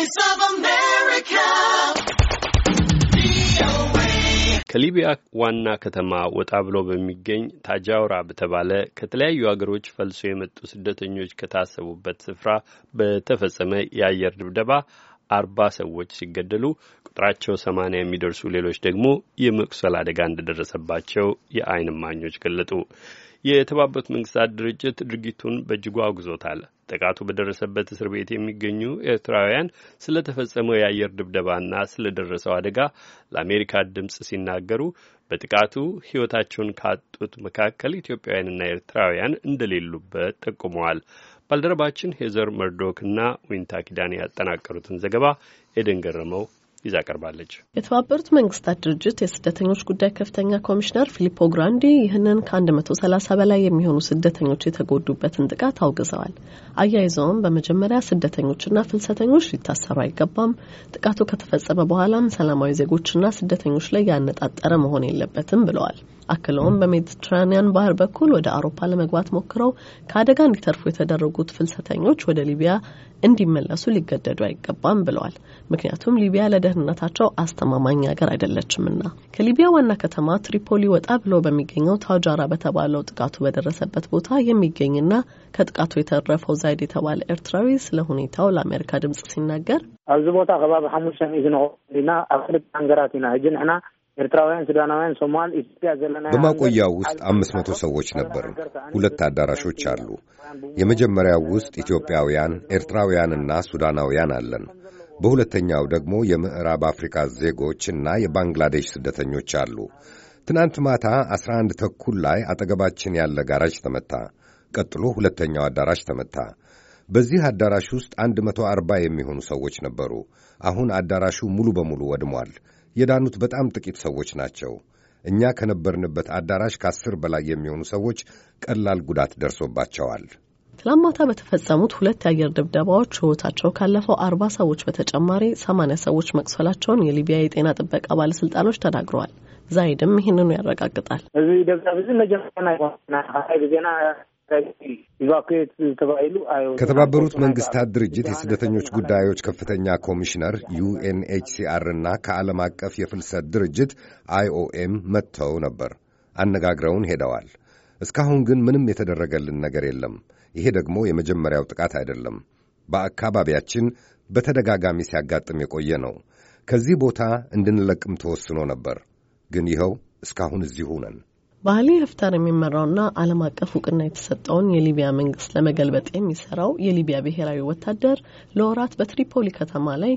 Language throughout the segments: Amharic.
Voice of America. ከሊቢያ ዋና ከተማ ወጣ ብሎ በሚገኝ ታጃውራ በተባለ ከተለያዩ አገሮች ፈልሶ የመጡ ስደተኞች ከታሰቡበት ስፍራ በተፈጸመ የአየር ድብደባ አርባ ሰዎች ሲገደሉ ቁጥራቸው ሰማኒያ የሚደርሱ ሌሎች ደግሞ የመቁሰል አደጋ እንደደረሰባቸው የአይን ማኞች ገለጡ። የተባበሩት መንግስታት ድርጅት ድርጊቱን በእጅጉ አውግዞታል። ጥቃቱ በደረሰበት እስር ቤት የሚገኙ ኤርትራውያን ስለ ተፈጸመው የአየር ድብደባና ስለ ደረሰው አደጋ ለአሜሪካ ድምፅ ሲናገሩ በጥቃቱ ሕይወታቸውን ካጡት መካከል ኢትዮጵያውያንና ኤርትራውያን እንደሌሉበት ጠቁመዋል። ባልደረባችን ሄዘር መርዶክ እና ዊንታ ኪዳን ያጠናቀሩትን ዘገባ ኤደን ገረመው ይዛ ቀርባለች። የተባበሩት መንግስታት ድርጅት የስደተኞች ጉዳይ ከፍተኛ ኮሚሽነር ፊሊፖ ግራንዲ ይህንን ከ130 በላይ የሚሆኑ ስደተኞች የተጎዱበትን ጥቃት አውግዘዋል። አያይዘውም በመጀመሪያ ስደተኞችና ፍልሰተኞች ሊታሰሩ አይገባም፣ ጥቃቱ ከተፈጸመ በኋላም ሰላማዊ ዜጎችና ስደተኞች ላይ ያነጣጠረ መሆን የለበትም ብለዋል። አክለውም በሜዲትራኒያን ባህር በኩል ወደ አውሮፓ ለመግባት ሞክረው ከአደጋ እንዲተርፉ የተደረጉት ፍልሰተኞች ወደ ሊቢያ እንዲመለሱ ሊገደዱ አይገባም ብለዋል። ምክንያቱም ሊቢያ ለደህንነታቸው አስተማማኝ ሀገር አይደለችምና። ከሊቢያ ዋና ከተማ ትሪፖሊ ወጣ ብሎ በሚገኘው ታውጃራ በተባለው ጥቃቱ በደረሰበት ቦታ የሚገኝና ከጥቃቱ የተረፈው ዛይድ የተባለ ኤርትራዊ ስለ ሁኔታው ለአሜሪካ ድምጽ ሲናገር ኣብዚ ቦታ ከባቢ ሓሙሽተ ሚኢት ንቆ ኢና ኣብ ክልተ ሃንገራት ኢና ሕጂ ንሕና ኤርትራውያን፣ ሱዳናውያን፣ ሶማል፣ ኢትዮጵያ ዘለና በማቆያው ውስጥ አምስት መቶ ሰዎች ነበርን። ሁለት አዳራሾች አሉ። የመጀመሪያው ውስጥ ኢትዮጵያውያን፣ ኤርትራውያንና ሱዳናውያን አለን። በሁለተኛው ደግሞ የምዕራብ አፍሪካ ዜጎች እና የባንግላዴሽ ስደተኞች አሉ። ትናንት ማታ ዐሥራ አንድ ተኩል ላይ አጠገባችን ያለ ጋራጅ ተመታ። ቀጥሎ ሁለተኛው አዳራሽ ተመታ። በዚህ አዳራሽ ውስጥ አንድ መቶ አርባ የሚሆኑ ሰዎች ነበሩ። አሁን አዳራሹ ሙሉ በሙሉ ወድሟል። የዳኑት በጣም ጥቂት ሰዎች ናቸው። እኛ ከነበርንበት አዳራሽ ከአስር በላይ የሚሆኑ ሰዎች ቀላል ጉዳት ደርሶባቸዋል። ትላንት ማታ በተፈጸሙት ሁለት የአየር ድብደባዎች ሕይወታቸው ካለፈው አርባ ሰዎች በተጨማሪ ሰማኒያ ሰዎች መቁሰላቸውን የሊቢያ የጤና ጥበቃ ባለስልጣኖች ተናግረዋል። ዛይድም ይህንኑ ያረጋግጣል። ከተባበሩት መንግስታት ድርጅት የስደተኞች ጉዳዮች ከፍተኛ ኮሚሽነር ዩኤንኤችሲአር እና ከዓለም አቀፍ የፍልሰት ድርጅት አይኦኤም መጥተው ነበር። አነጋግረውን ሄደዋል። እስካሁን ግን ምንም የተደረገልን ነገር የለም። ይሄ ደግሞ የመጀመሪያው ጥቃት አይደለም። በአካባቢያችን በተደጋጋሚ ሲያጋጥም የቆየ ነው። ከዚህ ቦታ እንድንለቅም ተወስኖ ነበር። ግን ይኸው እስካሁን እዚሁ ነን። በአሊ ሀፍታር የሚመራውና ዓለም አቀፍ እውቅና የተሰጠውን የሊቢያ መንግስት ለመገልበጥ የሚሰራው የሊቢያ ብሔራዊ ወታደር ለወራት በትሪፖሊ ከተማ ላይ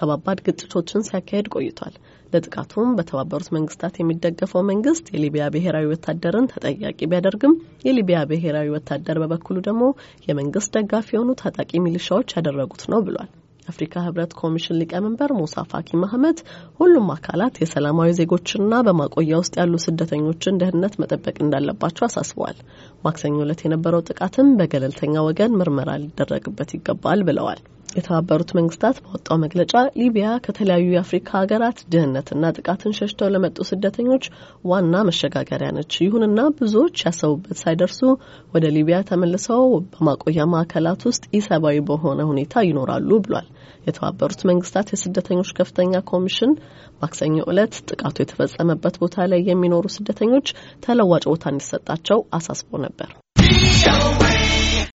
ከባባድ ግጭቶችን ሲያካሄድ ቆይቷል። ለጥቃቱም በተባበሩት መንግስታት የሚደገፈው መንግስት የሊቢያ ብሔራዊ ወታደርን ተጠያቂ ቢያደርግም የሊቢያ ብሔራዊ ወታደር በበኩሉ ደግሞ የመንግስት ደጋፊ የሆኑ ታጣቂ ሚሊሻዎች ያደረጉት ነው ብሏል። የአፍሪካ ህብረት ኮሚሽን ሊቀመንበር ሙሳ ፋኪ ማህመት ሁሉም አካላት የሰላማዊ ዜጎችና በማቆያ ውስጥ ያሉ ስደተኞችን ደህንነት መጠበቅ እንዳለባቸው አሳስበዋል። ማክሰኞ ዕለት የነበረው ጥቃትም በገለልተኛ ወገን ምርመራ ሊደረግበት ይገባል ብለዋል። የተባበሩት መንግስታት ባወጣው መግለጫ ሊቢያ ከተለያዩ የአፍሪካ ሀገራት ድህነትና ጥቃትን ሸሽተው ለመጡ ስደተኞች ዋና መሸጋገሪያ ነች። ይሁንና ብዙዎች ያሰቡበት ሳይደርሱ ወደ ሊቢያ ተመልሰው በማቆያ ማዕከላት ውስጥ ኢሰብአዊ በሆነ ሁኔታ ይኖራሉ ብሏል። የተባበሩት መንግስታት የስደተኞች ከፍተኛ ኮሚሽን ማክሰኞ ዕለት ጥቃቱ የተፈጸመበት ቦታ ላይ የሚኖሩ ስደተኞች ተለዋጭ ቦታ እንዲሰጣቸው አሳስቦ ነበር።